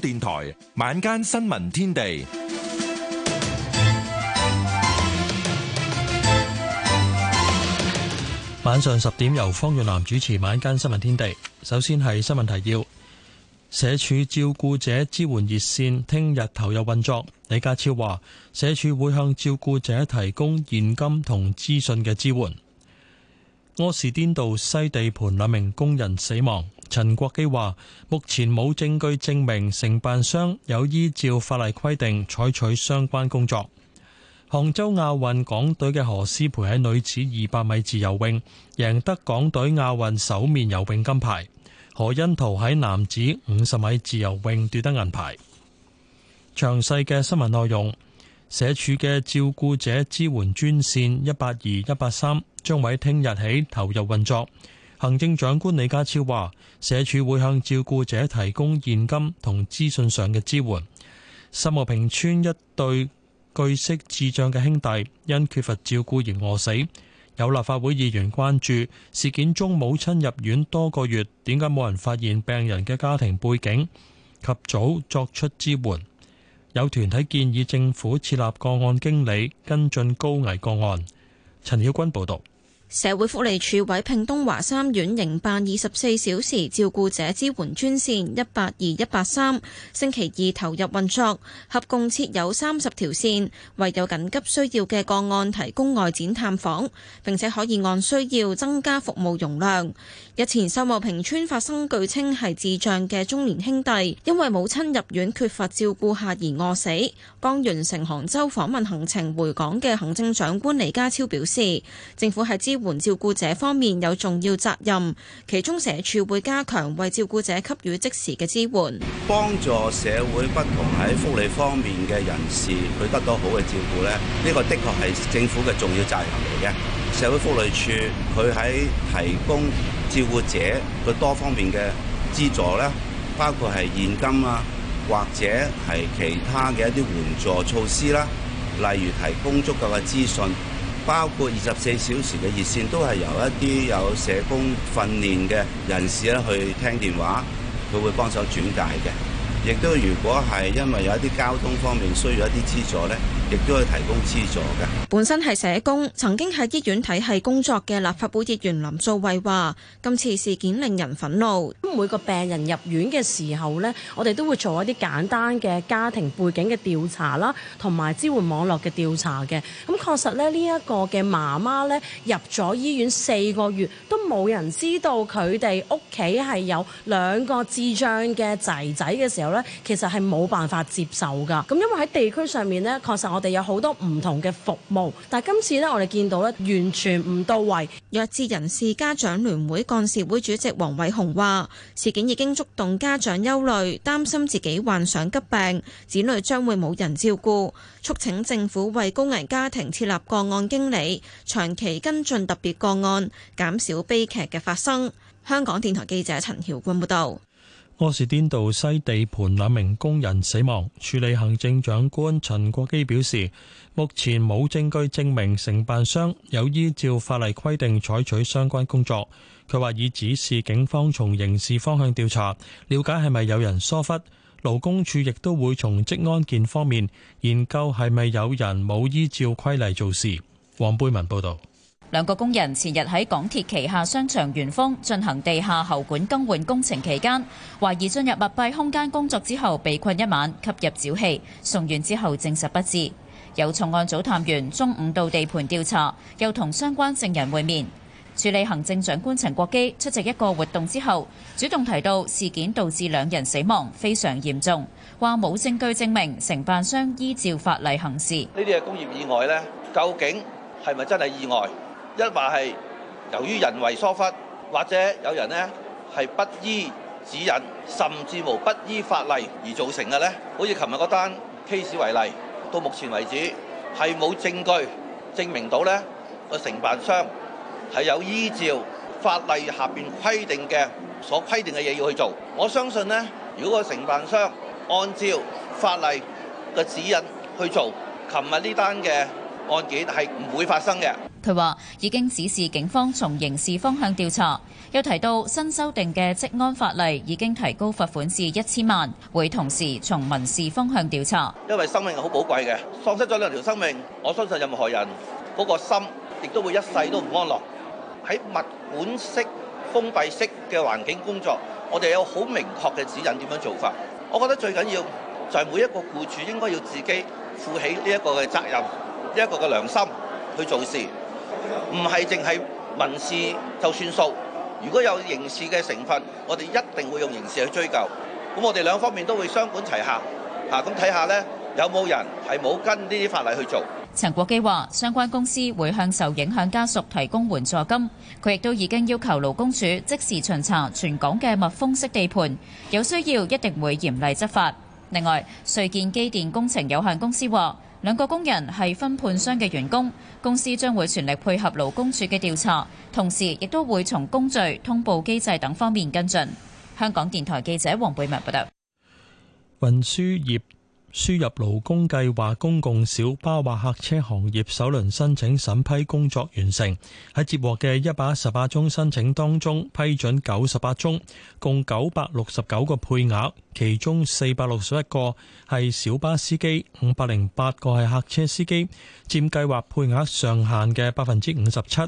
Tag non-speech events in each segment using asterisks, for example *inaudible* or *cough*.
電台晚間新聞天地，晚上十點由方俊南主持晚間新聞天地。首先係新聞提要：社署照顧者支援熱線聽日投入運作。李家超話，社署會向照顧者提供現金同資訊嘅支援。柯士甸道西地盤兩名工人死亡。陳國基話：目前冇證據證明承辦商有依照法例規定採取相關工作。杭州亞運港隊嘅何詩蓓喺女子二百米自由泳贏得港隊亞運首面游泳金牌，何甄陶喺男子五十米自由泳奪得銀牌。詳細嘅新聞內容，社署嘅照顧者支援專線一八二一八三將會喺聽日起投入運作。行政長官李家超話，社署會向照顧者提供現金同資訊上嘅支援。新和平村一對據悉智障嘅兄弟因缺乏照顧而餓死，有立法會議員關注事件中母親入院多個月，點解冇人發現病人嘅家庭背景及早作出支援？有團體建議政府設立個案經理跟進高危個案。陳曉君報道。社會福利署委聘東華三院營辦二十四小時照顧者支援專線一八二一八三，星期二投入運作，合共設有三十條線，為有緊急需要嘅個案提供外展探訪，並且可以按需要增加服務容量。日前秀茂坪村發生據稱係智障嘅中年兄弟因為母親入院缺乏照顧下而餓死。剛完成杭州訪問行程回港嘅行政長官李家超表示，政府係支支援照顧者方面有、這個、重要責任，其中社處會加強為照顧者給予即時嘅支援，幫助社會不同喺福利方面嘅人士去得到好嘅照顧咧。呢個的確係政府嘅重要責任嚟嘅。社會福利署佢喺提供照顧者嘅多方面嘅資助咧，包括係現金啊，或者係其他嘅一啲援助措施啦，例如提供足夠嘅資訊。包括二十四小時嘅熱線都係由一啲有社工訓練嘅人士咧去聽電話，佢會幫手轉介嘅。亦都如果係因為有一啲交通方面需要一啲資助呢。亦都係提供資助嘅。本身係社工，曾經喺醫院體系工作嘅立法會議員林素慧話今次事件令人憤怒。每個病人入院嘅時候咧，我哋都會做一啲簡單嘅家庭背景嘅調查啦，同埋支援網絡嘅調查嘅。咁、嗯、確實咧，這個、呢一個嘅媽媽咧入咗醫院四個月，都冇人知道佢哋屋企係有兩個智障嘅仔仔嘅時候咧，其實係冇辦法接受噶，咁、嗯、因為喺地區上面咧，確實。我。我哋有好多唔同嘅服務，但今次呢，我哋見到呢完全唔到位。弱智人士家長聯會幹事會主席黃偉雄話，事件已經觸動家長憂慮，擔心自己患上急病，子女將會冇人照顧，促請政府為高危家庭設立個案經理，長期跟進特別個案，減少悲劇嘅發生。香港電台記者陳曉君報道。柯士甸道西地盤兩名工人死亡，處理行政長官陳國基表示，目前冇證據證明承辦商有依照法例規定採取相關工作。佢話已指示警方從刑事方向調查，了解係咪有人疏忽。勞工處亦都會從職安健方面研究，係咪有人冇依照規例做事。黃貝文報導。兩個工人前日喺港鐵旗下商場元豐進行地下喉管更換工程期間，懷疑進入密閉空間工作之後被困一晚，吸入沼氣，送院之後證實不治。有重案組探員中午到地盤調查，又同相關證人會面。署理行政長官陳國基出席一個活動之後，主動提到事件導致兩人死亡，非常嚴重，話冇證據證明承辦商依照法例行事。呢啲係工業意外呢？究竟係咪真係意外？一話係由於人為疏忽，或者有人呢係不依指引，甚至乎不依法例而造成嘅呢。好似琴日嗰單 case 為例，到目前為止係冇證據證明到呢個承辦商係有依照法例下邊規定嘅所規定嘅嘢要去做。我相信呢，如果個承辦商按照法例嘅指引去做，琴日呢單嘅案件係唔會發生嘅。佢話已經指示警方從刑事方向調查，又提到新修訂嘅職安法例已經提高罰款至一千萬，會同時從民事方向調查。因為生命係好寶貴嘅，喪失咗兩條生命，我相信任何人嗰個心亦都會一世都唔安樂。喺物管式、封閉式嘅環境工作，我哋有好明確嘅指引點樣做法。我覺得最緊要就係每一個僱主應該要自己負起呢一個嘅責任，呢一個嘅良心去做事。唔係淨係民事就算數，如果有刑事嘅成分，我哋一定會用刑事去追究。咁我哋兩方面都會雙管齊下，嚇，咁睇下呢，有冇人係冇跟呢啲法例去做？陳國基話：相關公司會向受影響家屬提供援助金。佢亦都已經要求勞工署即時巡查全港嘅密封式地盤，有需要一定會嚴厲執法。另外，瑞建機電工程有限公司話。兩個工人係分判商嘅員工，公司將會全力配合勞工處嘅調查，同時亦都會從工序、通報機制等方面跟進。香港電台記者黃貝文報道。運輸業輸入勞工計劃公共小巴或客車行業首輪申請審批工作完成，喺接獲嘅一百一十八宗申請當中，批准九十八宗，共九百六十九個配額，其中四百六十一個係小巴司機，五百零八個係客車司機，佔計劃配額上限嘅百分之五十七。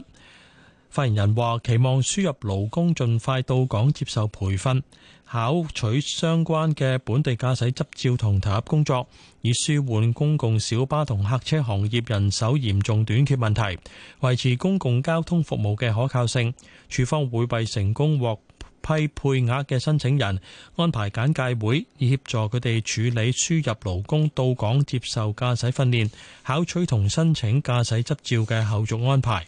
發言人話：期望輸入勞工盡快到港接受培訓。考取相關嘅本地駕駛執照同投入工作，以舒緩公共小巴同客車行業人手嚴重短缺問題，維持公共交通服務嘅可靠性。署方會為成功獲批配額嘅申請人安排簡介會，以協助佢哋處理輸入勞工到港接受駕駛訓練，考取同申請駕駛執照嘅後續安排。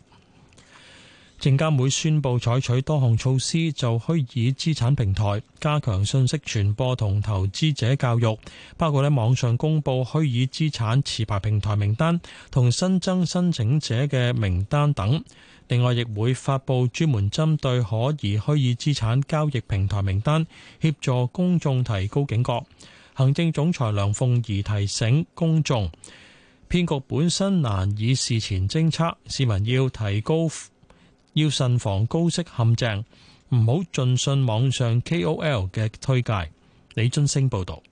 證監會宣布採取多項措施，就虛擬資產平台加強信息傳播同投資者教育，包括喺網上公布虛擬資產持牌平台名單同新增申請者嘅名單等。另外，亦會發布專門針對可疑虛擬資產交易平台名單，協助公眾提高警覺。行政總裁梁鳳儀提醒公眾，騙局本身難以事前偵測，市民要提高。要慎防高息陷阱，唔好盡信網上 KOL 嘅推介。李津升報道。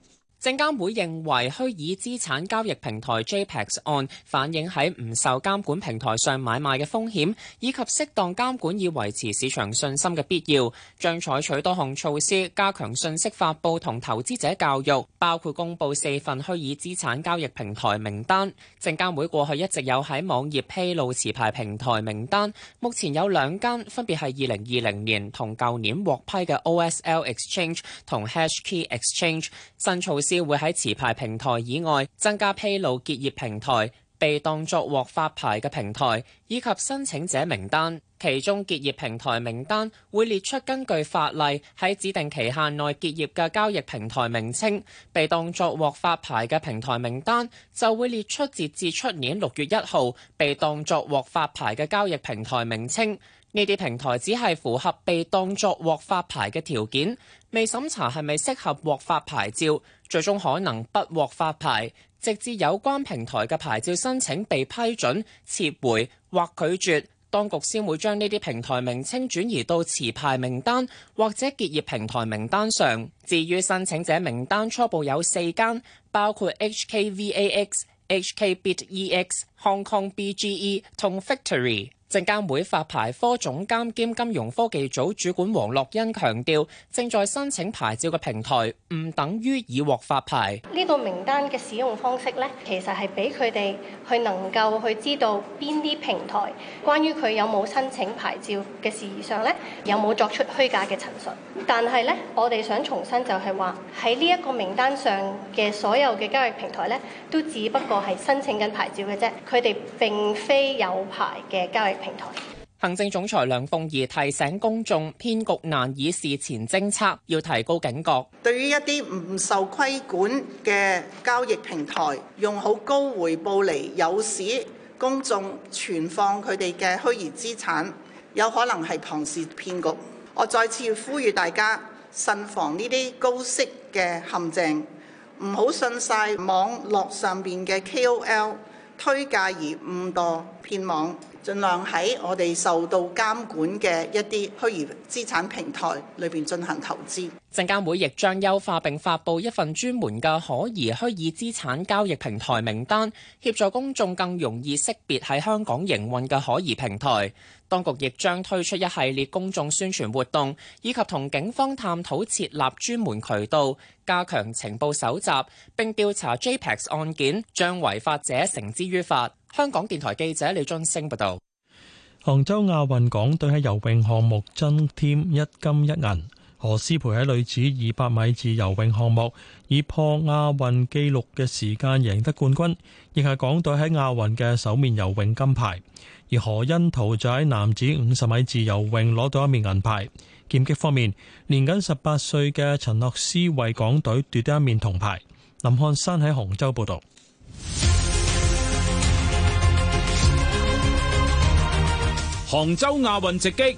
證監會認為虛擬資產交易平台 JPEX 案反映喺唔受監管平台上買賣嘅風險，以及適當監管以維持市場信心嘅必要，將採取多項措施加強信息發布同投資者教育，包括公佈四份虛擬資產交易平台名單。證監會過去一直有喺網頁披露持牌平台名單，目前有兩間分別係二零二零年同舊年獲批嘅 OSL Exchange 同 HashKey Exchange。新措施會喺持牌平台以外增加披露結業平台、被當作獲發牌嘅平台以及申請者名單，其中結業平台名單會列出根據法例喺指定期限內結業嘅交易平台名稱，被當作獲發牌嘅平台名單就會列出截至出年六月一號被當作獲發牌嘅交易平台名稱。呢啲平台只係符合被當作獲發牌嘅條件，未審查係咪適合獲發牌照。最終可能不獲發牌，直至有關平台嘅牌照申請被批准、撤回或拒絕，當局先會將呢啲平台名稱轉移到持牌名單或者結業平台名單上。至於申請者名單，初步有四間，包括 HKVAX、HKBitEX、Hong Kong BGE 同 Victory。證監會發牌科總監兼金融科技組主管黃樂欣強調，正在申請牌照嘅平台唔等於已獲發牌。呢個名單嘅使用方式咧，其實，係俾佢哋去能夠去知道邊啲平台關於佢有冇申請牌照嘅事宜上咧，有冇作出虛假嘅陳述。但係咧，我哋想重申就係話，喺呢一個名單上嘅所有嘅交易平台咧，都只不過係申請緊牌照嘅啫，佢哋並非有牌嘅交易。平台行政總裁梁鳳儀提醒公眾，騙局，難以事前偵測，要提高警覺。對於一啲唔受規管嘅交易平台，用好高回報嚟誘使公眾存放佢哋嘅虛擬資產，有可能係龐氏騙局。我再次呼籲大家慎防呢啲高息嘅陷阱，唔好信晒網絡上邊嘅 KOL 推介而誤導騙網。盡量喺我哋受到監管嘅一啲虛擬資產平台裏邊進行投資。證監會亦將優化並發布一份專門嘅可疑虛擬資產交易平台名單，協助公眾更容易識別喺香港營運嘅可疑平台。當局亦將推出一系列公眾宣傳活動，以及同警方探討設立專門渠道，加強情報搜集，並調查 JPEX 案件，將違法者繩之於法。香港電台記者李俊升報道：杭州亞運港隊喺游泳項目增添一金一銀，何詩蓓喺女子二百米自由泳項目以破亞運紀錄嘅時間贏得冠軍，亦係港隊喺亞運嘅首面游泳金牌。而何甄陶就喺男子五十米自由泳攞到一面銀牌。劍擊方面，年僅十八歲嘅陳樂思為港隊奪得一面銅牌。林漢山喺杭州報道。杭州亞運直擊。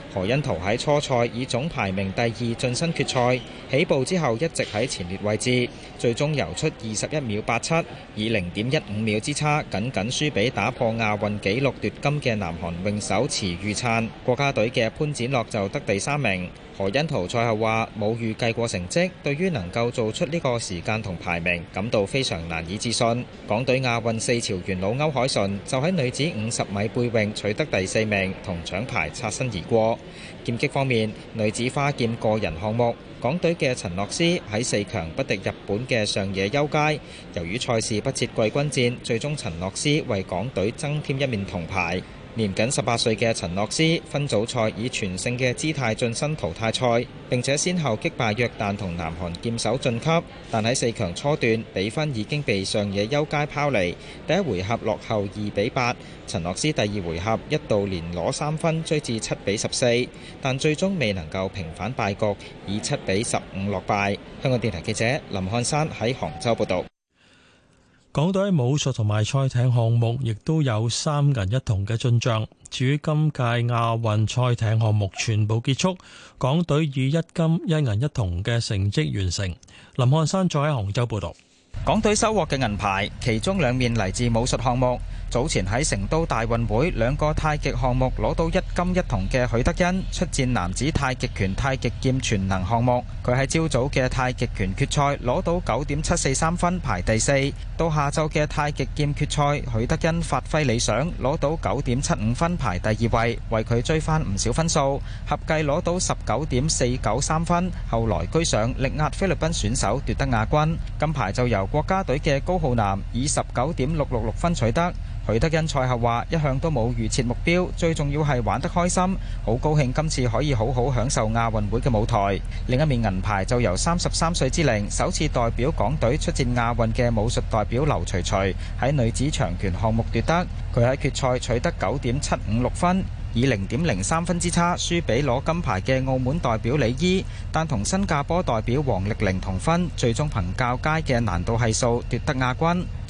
何恩圖喺初賽以總排名第二晉身決賽，起步之後一直喺前列位置。最終游出二十一秒八七，以零點一五秒之差，僅僅輸俾打破亞運紀錄奪金嘅南韓泳手池裕燦。國家隊嘅潘展樂就得第三名。何甄陶賽後話冇預計過成績，對於能夠做出呢個時間同排名，感到非常難以置信。港隊亞運四朝元老歐鎧淳就喺女子五十米背泳取得第四名，同獎牌擦身而過。劍擊方面，女子花劍個人項目，港隊嘅陳諾思喺四強不敵日本嘅上野優佳，由於賽事不設季軍戰，最終陳樂思為港隊增添一面銅牌。年僅十八歲嘅陳諾思分組賽以全勝嘅姿態晉身淘汰賽，並且先後擊敗約旦同南韓劍手晉級，但喺四強初段比分已經被上野優佳拋離，第一回合落後二比八，陳諾思第二回合一度連攞三分追至七比十四，但最終未能夠平反敗局，以七比十五落敗。香港電台記者林漢山喺杭州報道。港隊喺武術同埋賽艇項目亦都有三銀一銅嘅進賬。至於今屆亞運賽艇項目全部結束，港隊以一金一銀一銅嘅成績完成。林漢山再喺杭州報道，港隊收穫嘅銀牌，其中兩面嚟自武術項目。早前喺成都大運會，兩個太極項目攞到一金一銅嘅許德恩出戰男子太極拳太極劍全能項目。佢喺朝早嘅太極拳決賽攞到九點七四三分排第四，到下晝嘅太極劍決賽，許德恩發揮理想，攞到九點七五分排第二位，為佢追翻唔少分數，合計攞到十九點四九三分。後來居上，力壓菲律賓選手奪得亞軍，金牌就由國家隊嘅高浩南以十九點六六六分取得。許德恩賽後話：一向都冇預設目標，最重要係玩得開心，好高興今次可以好好享受亞運會嘅舞台。另一面銀牌就由三十三歲之齡首次代表港隊出戰亞運嘅武術代表劉徐徐喺女子長拳項目奪得。佢喺決賽取得九點七五六分，以零點零三分之差輸俾攞金牌嘅澳門代表李伊，但同新加坡代表黃力玲同分，最終憑較佳嘅難度係數奪得亞軍。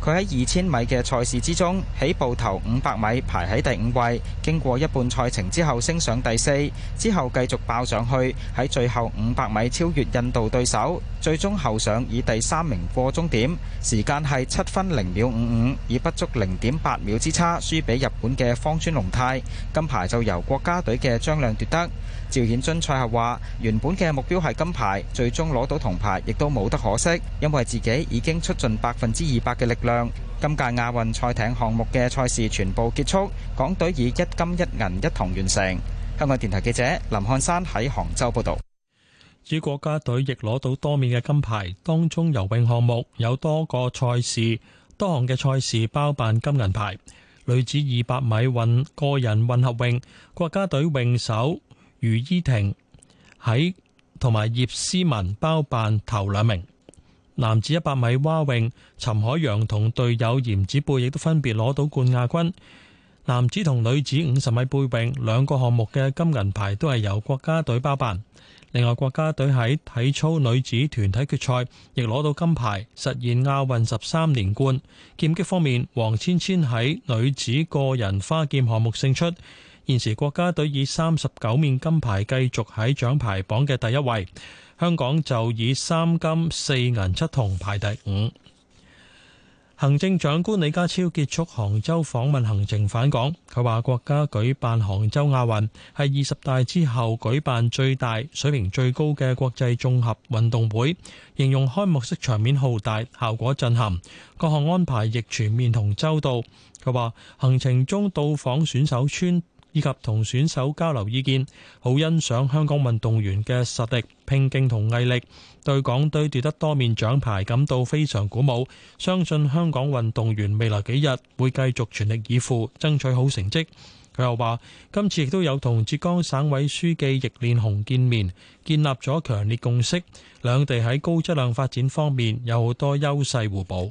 佢喺二千米嘅賽事之中，起步頭五百米排喺第五位，經過一半賽程之後升上第四，之後繼續爆上去，喺最後五百米超越印度對手，最終後上以第三名過終點，時間係七分零秒五五，以不足零點八秒之差輸俾日本嘅荒川龍太。金牌就由國家隊嘅張亮奪得。趙顯臻賽後話原本嘅目標係金牌，最終攞到銅牌亦都冇得可惜，因為自己已經出盡百分之二百嘅力量。今屆亞運賽艇項目嘅賽事全部結束，港隊以一金一銀一同完成。香港電台記者林漢山喺杭州報道。而國家隊亦攞到多面嘅金牌，當中游泳項目有多個賽事，多項嘅賽事包辦金銀牌。女子二百米混個人混合泳，國家隊泳手余依婷喺同埋葉詩文包辦頭兩名。男子一百米蛙泳，陳海洋同隊友嚴子貝亦都分別攞到冠亞軍。男子同女子五十米背泳兩個項目嘅金銀牌都係由國家隊包辦。另外，國家隊喺體操女子團體決賽亦攞到金牌，實現亞運十三連冠。劍擊方面，黃芊芊喺女子個人花劍項目勝出。現時國家隊以三十九面金牌繼續喺獎牌榜嘅第一位。香港就以三金四銀七銅排第五。行政長官李家超結束杭州訪問行程返港，佢話國家舉辦杭州亞運係二十大之後舉辦最大、水平最高嘅國際綜合運動會，形容開幕式場面浩大、效果震撼，各項安排亦全面同周到。佢話行程中到訪選手村。以及同選手交流意見，好欣賞香港運動員嘅實力、拼勁同毅力，對港隊奪得多面獎牌感到非常鼓舞。相信香港運動員未來幾日會繼續全力以赴，爭取好成績。佢又話：今次亦都有同浙江省委書記易煉紅見面，建立咗強烈共識，兩地喺高質量發展方面有好多優勢互補。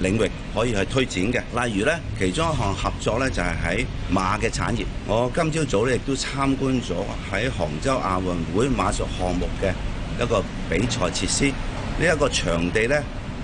領域可以去推展嘅，例如呢其中一項合作呢，就係、是、喺馬嘅產業。我今朝早呢，亦都參觀咗喺杭州亞運會馬術項目嘅一個比賽設施。呢、這、一個場地呢，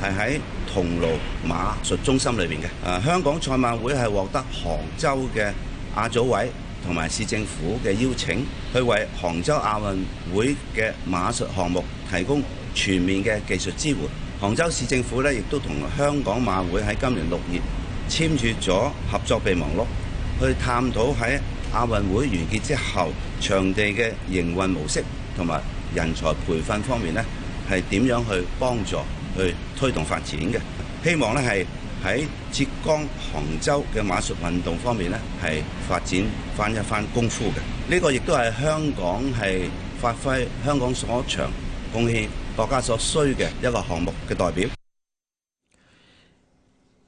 係喺桐廬馬術中心裏面嘅。誒、啊，香港賽馬會係獲得杭州嘅亞組委同埋市政府嘅邀請，去為杭州亞運會嘅馬術項目提供全面嘅技術支援。杭州市政府呢，亦都同香港馬會喺今年六月簽署咗合作備忘錄，去探討喺亞運會完結之後場地嘅營運模式同埋人才培訓方面呢，係點樣去幫助、去推動發展嘅。希望呢，係喺浙江杭州嘅馬術運動方面呢，係發展翻一番功夫嘅。呢、這個亦都係香港係發揮香港所長貢獻國家所需嘅一個項目嘅代表。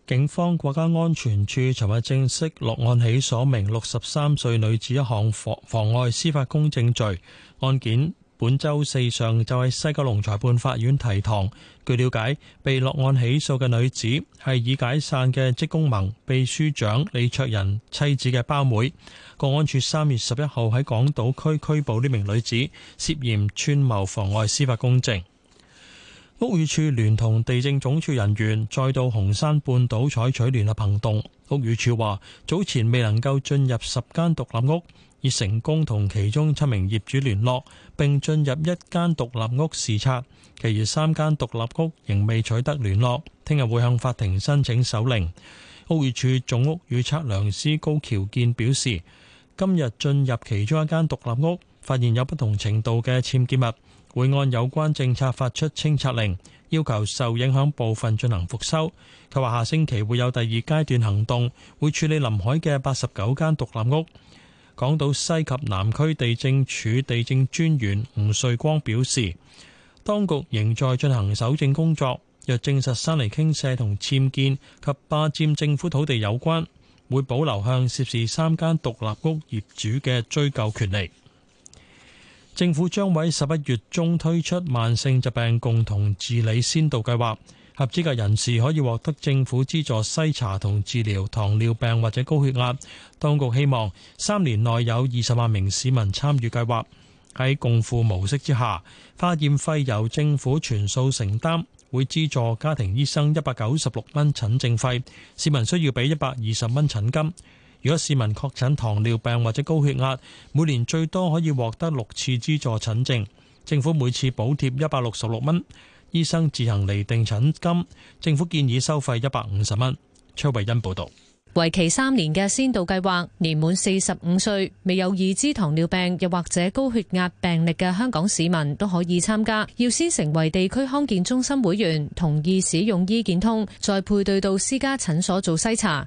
警方國家安全處尋日正式落案起訴名六十三歲女子一項妨妨礙司法公正罪。案件，本周四上就喺西九龍裁判法院提堂。據了解，被落案起訴嘅女子係已解散嘅職工盟秘書長李卓人妻子嘅胞妹。國安處三月十一號喺港島區拘捕呢名女子，涉嫌串謀妨礙司法公正。屋宇署聯同地政總署人員再到紅山半島採取聯合行動。屋宇署話：早前未能夠進入十間獨立屋，已成功同其中七名業主聯絡，並進入一間獨立屋視察。其餘三間獨立屋仍未取得聯絡。聽日會向法庭申請手令。屋宇署總屋宇測量師高橋健表示：今日進入其中一間獨立屋，發現有不同程度嘅僭建物。會按有關政策發出清拆令，要求受影響部分進行復修。佢話下星期會有第二階段行動，會處理臨海嘅八十九間獨立屋。港島西及南區地政處地政專員吳瑞光表示，當局仍在進行搜證工作，若證實山泥傾瀉同僭建及霸佔政府土地有關，會保留向涉事三間獨立屋業主嘅追究權利。政府將會喺十一月中推出慢性疾病共同治理先導計劃，合資格人士可以獲得政府資助篩查同治療糖尿病或者高血壓。當局希望三年內有二十萬名市民參與計劃。喺共付模式之下，化驗費由政府全數承擔，會資助家庭醫生一百九十六蚊診症費，市民需要俾一百二十蚊診金。如果市民確診糖尿病或者高血壓，每年最多可以獲得六次資助診症，政府每次補貼一百六十六蚊，醫生自行釐定診金，政府建議收費一百五十蚊。崔慧欣報導，為期三年嘅先導計劃，年滿四十五歲、未有已知糖尿病又或者高血壓病歷嘅香港市民都可以參加，要先成為地區康健中心會員，同意使用醫健通，再配對到私家診所做篩查。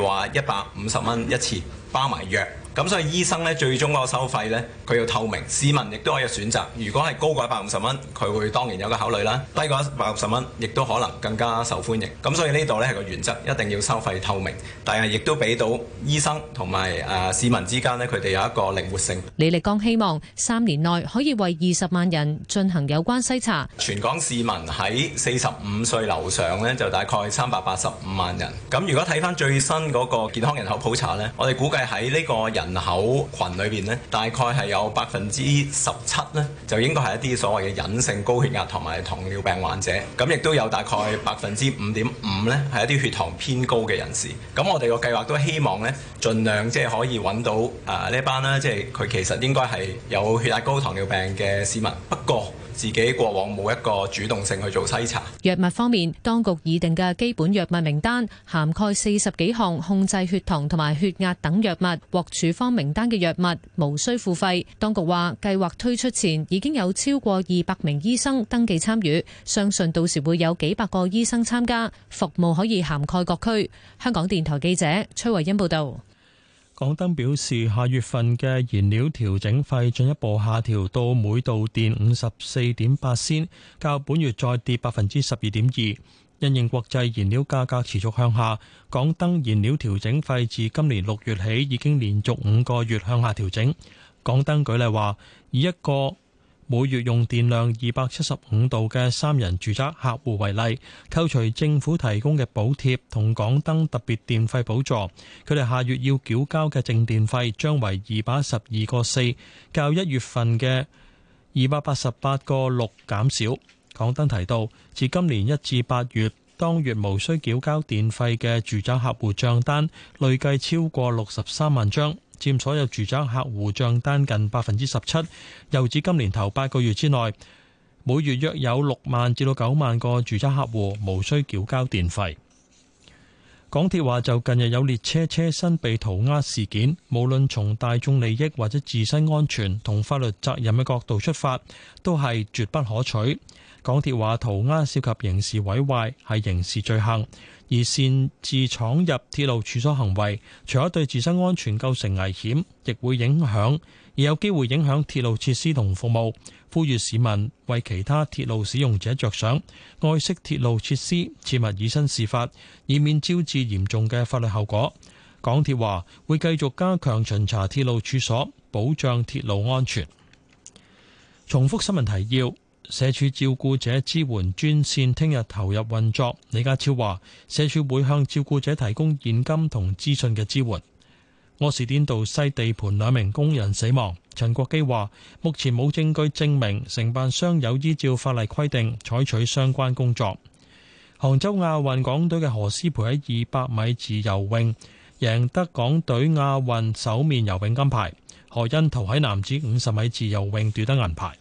話一百五十蚊一次，包埋藥。咁所以醫生咧最終個收費咧，佢要透明，市民亦都可以選擇。如果係高過一百五十蚊，佢會當然有個考慮啦；低過一百五十蚊，亦都可能更加受歡迎。咁所以呢度咧係個原則，一定要收費透明，但係亦都俾到醫生同埋誒市民之間咧，佢哋有一個靈活性。李力剛希望三年內可以為二十萬人進行有關篩查。全港市民喺四十五歲樓上咧，就大概三百八十五萬人。咁如果睇翻最新嗰個健康人口普查咧，我哋估計喺呢個人。人口群裏邊咧，大概係有百分之十七呢，就應該係一啲所謂嘅隱性高血壓同埋糖尿病患者。咁亦都有大概百分之五點五呢，係一啲血糖偏高嘅人士。咁我哋個計劃都希望呢，盡量即係可以揾到啊呢、呃、一班啦，即係佢其實應該係有血壓高、糖尿病嘅市民。不過自己過往冇一個主動性去做篩查。藥物方面，當局擬定嘅基本藥物名單涵蓋四十幾項控制血糖同埋血壓等藥物，獲處方名單嘅藥物無需付費。當局話計劃推出前已經有超過二百名醫生登記參與，相信到時會有幾百個醫生參加服務，可以涵蓋各區。香港電台記者崔慧欣報道。港燈表示，下月份嘅燃料調整費進一步下調到每度電五十四點八仙，較本月再跌百分之十二點二。因應國際燃料價格持續向下，港燈燃料調整費自今年六月起已經連續五個月向下調整。港燈舉例話，以一個每月用電量二百七十五度嘅三人住宅客戶為例，扣除政府提供嘅補貼同港燈特別電費補助，佢哋下月要繳交嘅淨電費將為二百一十二個四，較一月份嘅二百八十八個六減少。港燈提到，自今年一至八月，當月無需繳交電費嘅住宅客戶賬單累計超過六十三萬張。佔所有住宅客戶賬單近百分之十七，又至今年頭八個月之內，每月約有六萬至到九萬個住宅客戶無需繳交電費。港鐵話就近日有列車車身被塗鴉事件，無論從大眾利益或者自身安全同法律責任嘅角度出發，都係絕不可取。港鐵話塗鴉涉及刑事毀壞係刑事罪行，而擅自闖入鐵路處所行為，除咗對自身安全構成危險，亦會影響而有機會影響鐵路設施同服務。呼籲市民為其他鐵路使用者着想，愛惜鐵路設施，切勿以身試法，以免招致嚴重嘅法律後果。港鐵話會繼續加強巡查鐵路處所，保障鐵路安全。重複新聞提要。社署照顧者支援專線聽日投入運作。李家超話，社署會向照顧者提供現金同資訊嘅支援。柯士甸道西地盤兩名工人死亡。陳國基話，目前冇證據證明承辦商有依照法例規定採取相關工作。杭州亞運港隊嘅何詩蓓喺二百米自由泳贏得港隊亞運首面游泳金牌。何甄陶喺男子五十米自由泳奪得銀牌。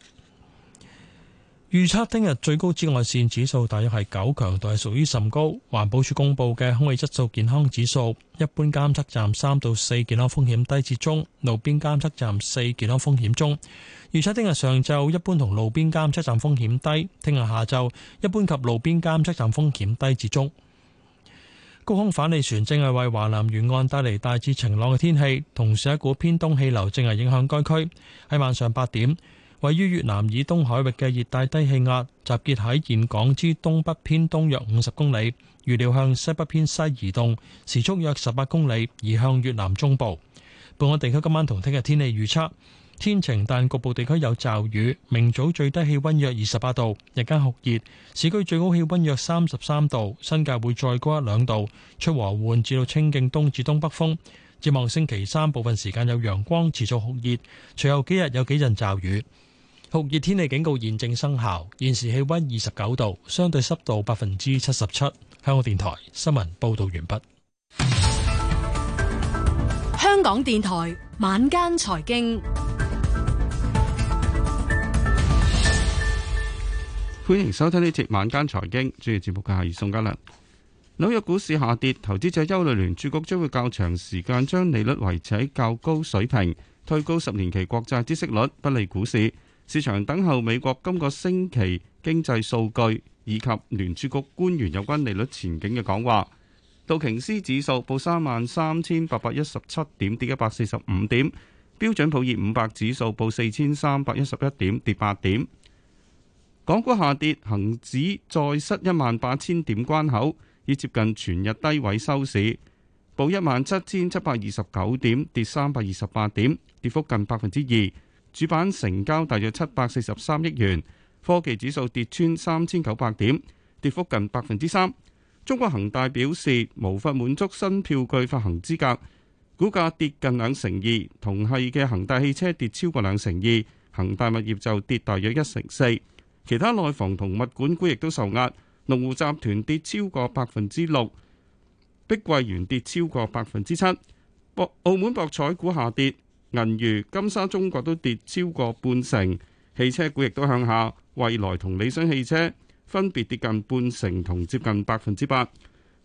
預測聽日最高紫外線指數大約係九，強度係屬於甚高。環保署公布嘅空氣質素健康指數，一般監測站三到四，健康風險低至中，路邊監測站四，健康風險中。預測聽日上晝一般同路邊監測站風險低，聽日下晝一般及路邊監測站風險低至中。高空反氣旋正係為華南沿岸帶嚟大致晴朗嘅天氣，同時一股偏東氣流正係影響該區。喺晚上八點。位於越南以東海域嘅熱帶低氣壓集結喺沿港之東北偏東約五十公里，預料向西北偏西移動，時速約十八公里，移向越南中部。本港地區今晚同聽日天氣預測，天晴，天但局部地區有驟雨。明早最低氣溫約二十八度，日間酷熱，市區最高氣溫約三十三度，新界會再高一兩度。出和緩至到清勁東至東北風。展望星期三部分時間有陽光，持續酷熱，隨後幾日有幾陣驟雨。酷熱天氣警告現正生效，現時氣溫二十九度，相對濕度百分之七十七。香港電台新聞報道完畢。香港電台晚間財經，歡迎收聽呢節晚間財經。主持節目嘅係宋家良。紐約股市下跌，投資者憂慮聯儲局將會較長時間將利率維持喺較高水平，推高十年期國債孳息率，不利股市。市場等候美國今個星期經濟數據以及聯儲局官員有關利率前景嘅講話。道瓊斯指數報三萬三千八百一十七點，跌一百四十五點。標準普爾五百指數報四千三百一十一點，跌八點。港股下跌，恒指再失一萬八千點關口，已接近全日低位收市，報一萬七千七百二十九點，跌三百二十八點，跌幅近百分之二。主板成交大約七百四十三億元，科技指數跌穿三千九百點，跌幅近百分之三。中國恒大表示無法滿足新票據發行資格，股價跌近兩成二。同系嘅恒大汽車跌超過兩成二，恒大物業就跌大約一成四。其他內房同物管股亦都受壓，龍湖集團跌超過百分之六，碧桂園跌超過百分之七。澳澳門博彩股下跌。銀娛、金沙中國都跌超過半成，汽車股亦都向下，蔚來同理想汽車分別跌近半成同接近百分之八。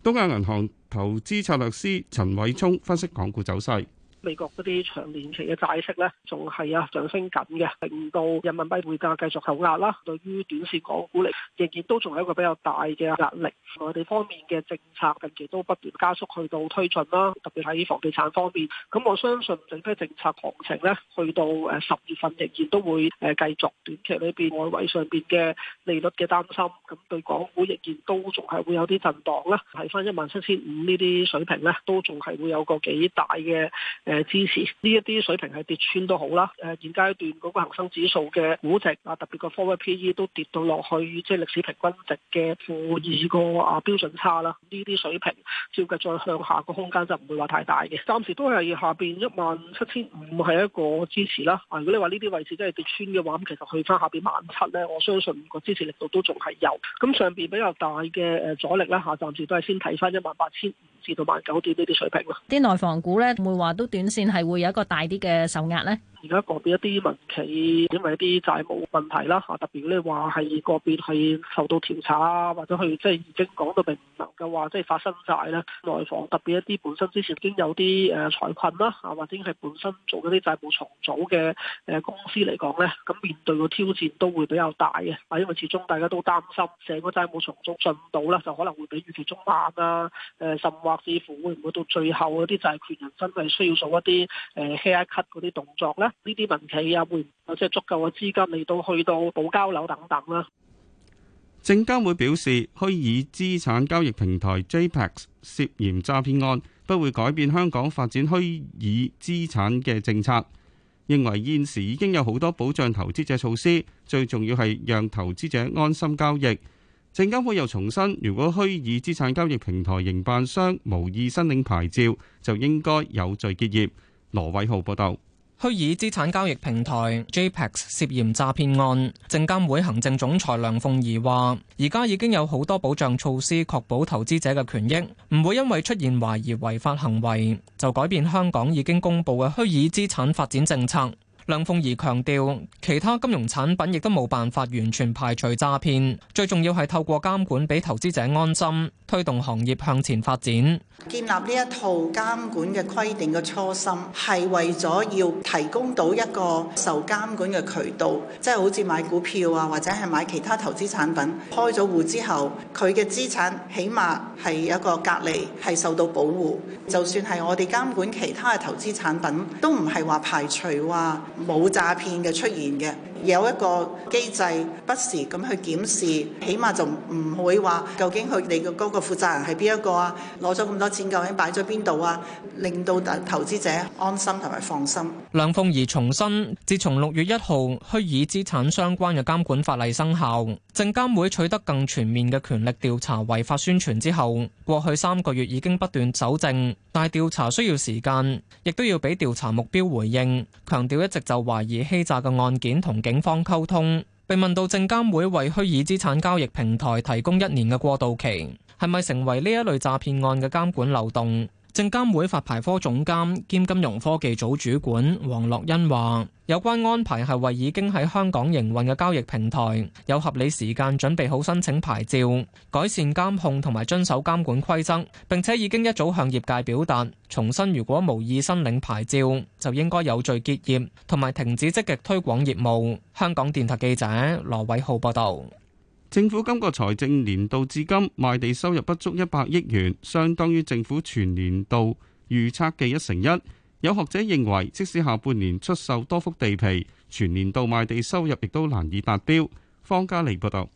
東亞銀行投資策略師陳偉聰分析，港股走勢。美國嗰啲長年期嘅債息咧，仲係啊上升緊嘅，令到人民幣匯價繼續受壓啦。對於短線港股嚟，仍然都仲係一個比較大嘅壓力。內地方面嘅政策近期都不斷加速去到推進啦，特別喺房地產方面。咁我相信整批政策行情咧，去到誒十月份仍然都會誒繼續短期裏邊外圍上邊嘅利率嘅擔心，咁對港股仍然都仲係會有啲震盪啦。睇翻一萬七千五呢啲水平咧，都仲係會有個幾大嘅誒。支持呢一啲水平係跌穿都好啦。誒現階段嗰個恆生指數嘅估值啊，特別個 forward PE 都跌到落去，即係歷史平均值嘅負二個啊標準差啦。呢啲水平，照計再向下個空間就唔會話太大嘅。暫時都係下邊一萬七千五係一個支持啦、啊。如果你話呢啲位置真係跌穿嘅話，咁其實去翻下邊萬七咧，我相信個支持力度都仲係有。咁上邊比較大嘅誒阻力咧，下暫時都係先睇翻一萬八千。至到八九點呢啲水平啦，啲內房股咧，會唔會話都短線係會有一個大啲嘅受壓咧？而家個別一啲民企因為一啲債務問題啦，嚇特別咧話係個別係受到調查啊，或者係即係已經講到並唔能夠話即係發生債咧，內房特別一啲本身之前已經有啲誒財困啦，嚇或者係本身做嗰啲債務重組嘅誒公司嚟講咧，咁面對個挑戰都會比較大嘅，因為始終大家都擔心成個債務重組進度啦，就可能會比預期中慢啦，誒甚或至乎會唔會到最後嗰啲債權人真係需要做一啲誒 haircut 嗰啲動作咧？呢啲民企啊，會有即係足夠嘅資金嚟到去到保交樓等等啦、啊。證監會表示，虛擬資產交易平台 JPEX 涉嫌詐騙案，不會改變香港發展虛擬資產嘅政策。認為現時已經有好多保障投資者措施，最重要係讓投資者安心交易。證監會又重申，如果虛擬資產交易平台營辦商無意申領牌照，就應該有序結業。羅偉浩報道。虛擬資產交易平台 JPEX 涉嫌詐騙案，證監會行政總裁梁鳳儀話：而家已經有好多保障措施，確保投資者嘅權益，唔會因為出現懷疑違法行為就改變香港已經公布嘅虛擬資產發展政策。梁鳳儀強調，其他金融產品亦都冇辦法完全排除詐騙，最重要係透過監管俾投資者安心，推動行業向前發展。建立呢一套監管嘅規定嘅初心，係為咗要提供到一個受監管嘅渠道，即係好似買股票啊，或者係買其他投資產品，開咗戶之後，佢嘅資產起碼係一個隔離，係受到保護。就算係我哋監管其他嘅投資產品，都唔係話排除話啊。冇詐騙嘅出現嘅。有一個機制不時咁去檢視，起碼就唔會話究竟佢哋嘅嗰個負責人係邊一個啊？攞咗咁多錢究竟擺咗邊度啊？令到投資者安心同埋放心。梁鳳儀重申，自從六月一號虛擬資產相關嘅監管法例生效，證監會取得更全面嘅權力調查違法宣傳之後，過去三個月已經不斷搜證。但係調查需要時間，亦都要俾調查目標回應。強調一直就懷疑欺詐嘅案件同警警方溝通，被問到證監會為虛擬資產交易平台提供一年嘅過渡期，係咪成為呢一類詐騙案嘅監管漏洞？證監會發牌科總監兼金融科技組主管黃樂欣話，有關安排係為已經喺香港營運嘅交易平台有合理時間準備好申請牌照，改善監控同埋遵守監管規則，並且已經一早向業界表達，重新如果無意申領牌照就應該有序結業同埋停止積極推廣業務。香港電台記者羅偉浩報道。政府今個財政年度至今賣地收入不足一百億元，相當於政府全年度預測嘅一成一。有學者認為，即使下半年出售多幅地皮，全年度賣地收入亦都難以達標。方家利報導。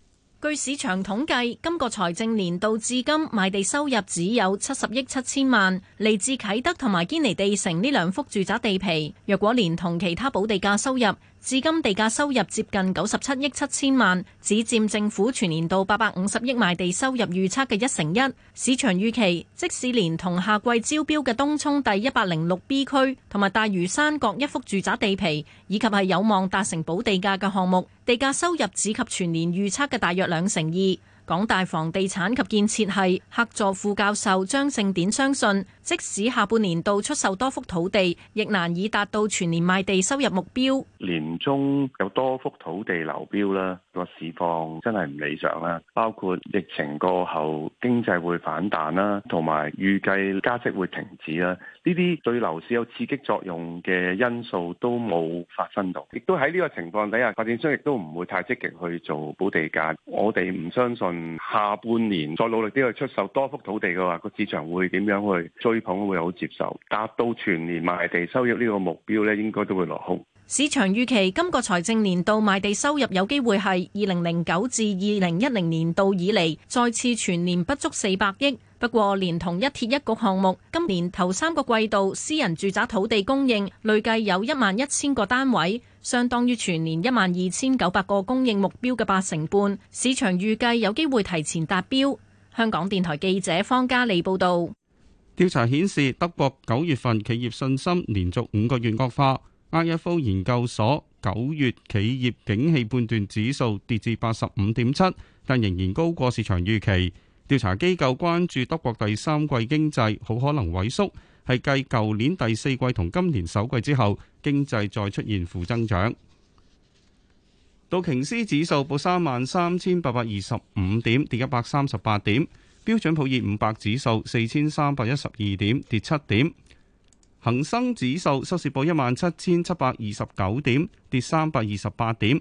據市場統計，今個財政年度至今賣地收入只有七十億七千萬，嚟自啟德同埋堅尼地城呢兩幅住宅地皮。若果連同其他補地價收入，至今地價收入接近九十七億七千萬，只佔政府全年度八百五十億賣地收入預測嘅一成一。市場預期，即使連同夏季招標嘅東涌第一百零六 B 區同埋大嶼山各一幅住宅地皮，以及係有望達成補地價嘅項目，地價收入只及全年預測嘅大約兩成二。港大房地產及建設系客座副教授張盛典相信，即使下半年度出售多幅土地，亦難以達到全年賣地收入目標。年中有多幅土地流標啦，個市況真係唔理想啦。包括疫情過後經濟會反彈啦，同埋預計加息會停止啦，呢啲對樓市有刺激作用嘅因素都冇發生到，亦都喺呢個情況底下，發展商亦都唔會太積極去做補地價。我哋唔相信，下半年再努力啲去出售多幅土地嘅話，個市場會點樣去追捧？會好接受？達到全年賣地收益呢個目標咧，應該都會落空。市場預期今個財政年度賣地收入有機會係二零零九至二零一零年度以嚟再次全年不足四百億。不過，連同一鐵一局項目，今年頭三個季度私人住宅土地供應累計有一萬一千個單位，相當於全年一萬二千九百個供應目標嘅八成半。市場預計有機會提前達標。香港電台記者方嘉利報道。調查顯示，德國九月份企業信心連續五個月惡化。IFO 研究所，九月企業景氣判斷指數跌至八十五點七，但仍然高過市場預期。調查機構關注德國第三季經濟好可能萎縮，係繼舊年第四季同今年首季之後，經濟再出現負增長。道瓊斯指數報三萬三千八百二十五點，跌一百三十八點。標準普爾五百指數四千三百一十二點，跌七點。恒生指數收市報一萬七千七百二十九點，跌三百二十八點。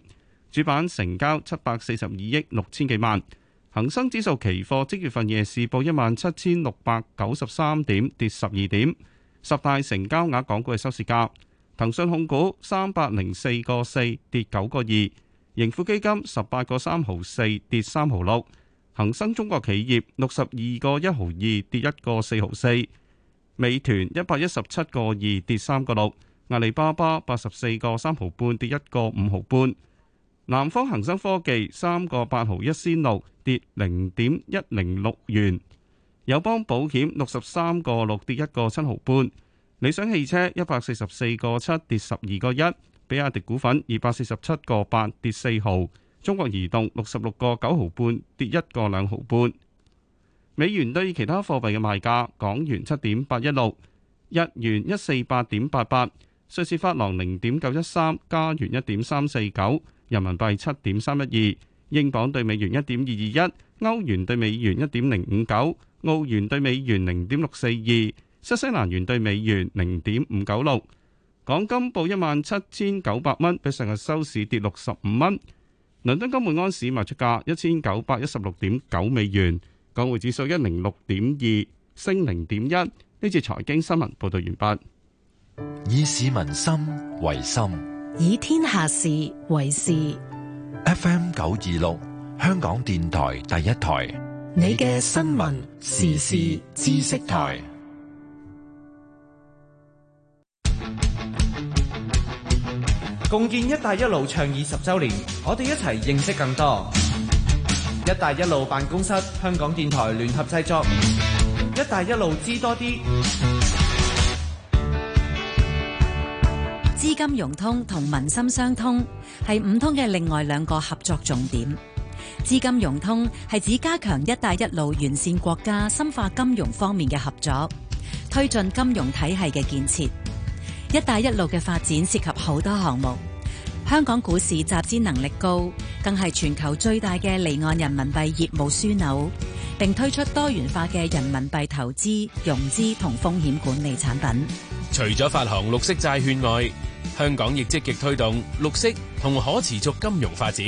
主板成交七百四十二億六千幾萬。恒生指數期貨即月份夜市報一萬七千六百九十三點，跌十二點。十大成交額港股嘅收市價：騰訊控股三百零四個四，跌九個二；盈富基金十八個三毫四，跌三毫六；恒生中國企業六十二個一毫二，跌一個四毫四。美團一百一十七個二跌三個六，阿里巴巴八十四個三毫半跌一個五毫半，南方恒生科技三個八毫一仙六跌零點一零六元，友邦保險六十三個六跌一個七毫半，理想汽車一百四十四個七跌十二個一，比亞迪股份二百四十七個八跌四毫，中國移動六十六個九毫半跌一個兩毫半。美元對其他貨幣嘅賣價，港元七點八一六，日元一四八點八八，瑞士法郎零點九一三，加元一點三四九，人民幣七點三一二，英鎊對美元一點二二一，歐元對美元一點零五九，澳元對美元零點六四二，新西蘭元對美元零點五九六。港金報一萬七千九百蚊，比上日收市跌六十五蚊。倫敦金門安市賣出價一千九百一十六點九美元。港匯指數一零六點二升零點一，呢次財經新聞報道完畢。以市民心為心，以天下事為事。FM 九二六，香港電台第一台，你嘅新聞時事知識台。共建一帶一路倡議十周年，我哋一齊認識更多。“一帶一路”辦公室，香港電台聯合製作。“一帶一路”知多啲，資金融通同民心相通係五通嘅另外兩個合作重點。資金融通係指加強“一帶一路”完善國家深化金融方面嘅合作，推進金融體系嘅建設。“一帶一路”嘅發展涉及好多項目，香港股市集資能力高，更係全球最大嘅離岸人民幣業務樞紐，並推出多元化嘅人民幣投資、融資同風險管理產品。除咗發行綠色債券外，香港亦積極推動綠色同可持續金融發展。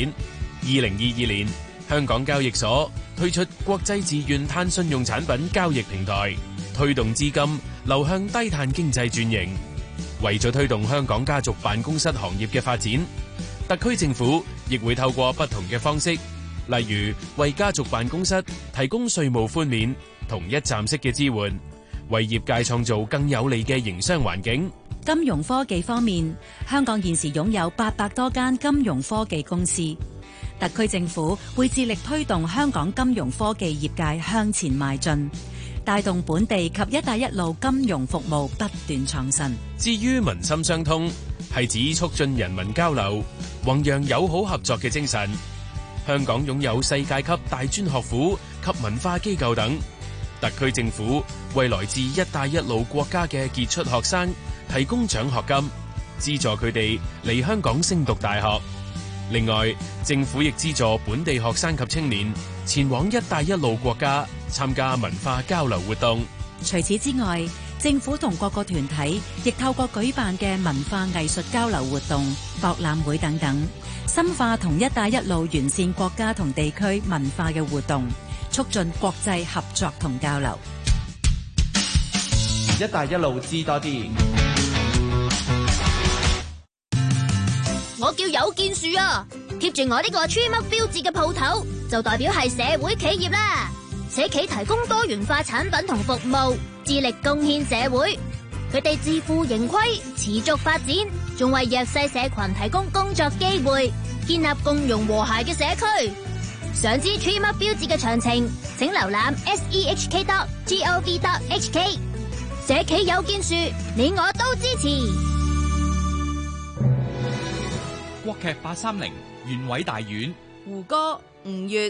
二零二二年，香港交易所推出國際自願碳信用產品交易平台，推動資金流向低碳經濟轉型。為咗推動香港家族辦公室行業嘅發展。特區政府亦會透過不同嘅方式，例如為家族辦公室提供稅務寬免、同一站式嘅支援，為業界創造更有利嘅營商環境。金融科技方面，香港現時擁有八百多間金融科技公司，特區政府會致力推動香港金融科技業界向前邁進，帶動本地及一帶一路金融服務不斷創新。至於民心相通。係指促進人民交流、弘揚友好合作嘅精神。香港擁有世界級大專學府及文化機構等，特區政府為來自「一帶一路」國家嘅傑出學生提供獎學金，資助佢哋嚟香港升讀大學。另外，政府亦資助本地學生及青年前往「一帶一路」國家參加文化交流活動。除此之外，政府同各個團體亦透過舉辦嘅文化藝術交流活動、博覽會等等，深化同“一帶一路”沿線國家同地區文化嘅活動，促進國際合作同交流。“一帶一路”知多啲，我叫有建樹啊！貼住我呢個 Tree Mark 標誌嘅鋪頭，就代表係社會企業啦。社企提供多元化產品同服務，致力貢獻社會。佢哋自負盈虧，持續發展，仲為弱勢社群提供工作機會，建立共融和諧嘅社區。想知 Tree Mark 標誌嘅詳情，請瀏覽 s e h k dot g o v dot h k。社企有建樹，你我都支持。國劇八三零，縣委大院。胡歌，吳越。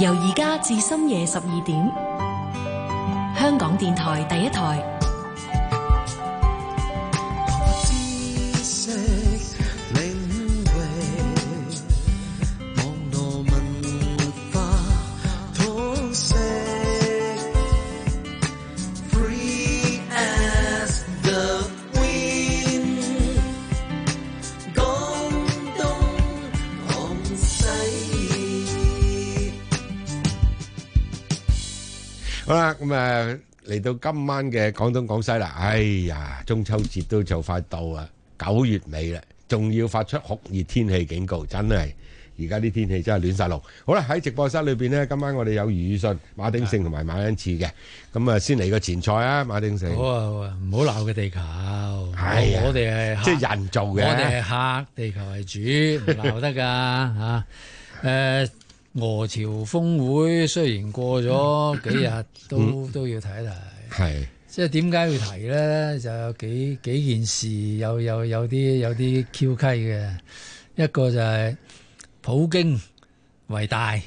由而家至深夜十二點，香港電台第一台。咁啊，嚟到今晚嘅廣東廣西啦，哎呀，中秋節都就快到啊，九月尾啦，仲要發出酷熱天氣警告，真係而家啲天氣真係亂曬龍。好啦，喺直播室裏邊呢，今晚我哋有雨訊、馬鼎盛同埋馬恩賜嘅，咁啊，先嚟個前菜啊，馬鼎盛。好啊好啊，唔好鬧嘅地球，我哋係客，即係人做嘅，我哋係客地球為主，唔鬧得㗎嚇，誒。俄朝峰會雖然過咗幾日都 *coughs* 都，都都要提一提。係，即係點解要提咧 *coughs* 是？就有幾幾件事有有有啲有啲蹊蹺嘅。一個就係普京為大。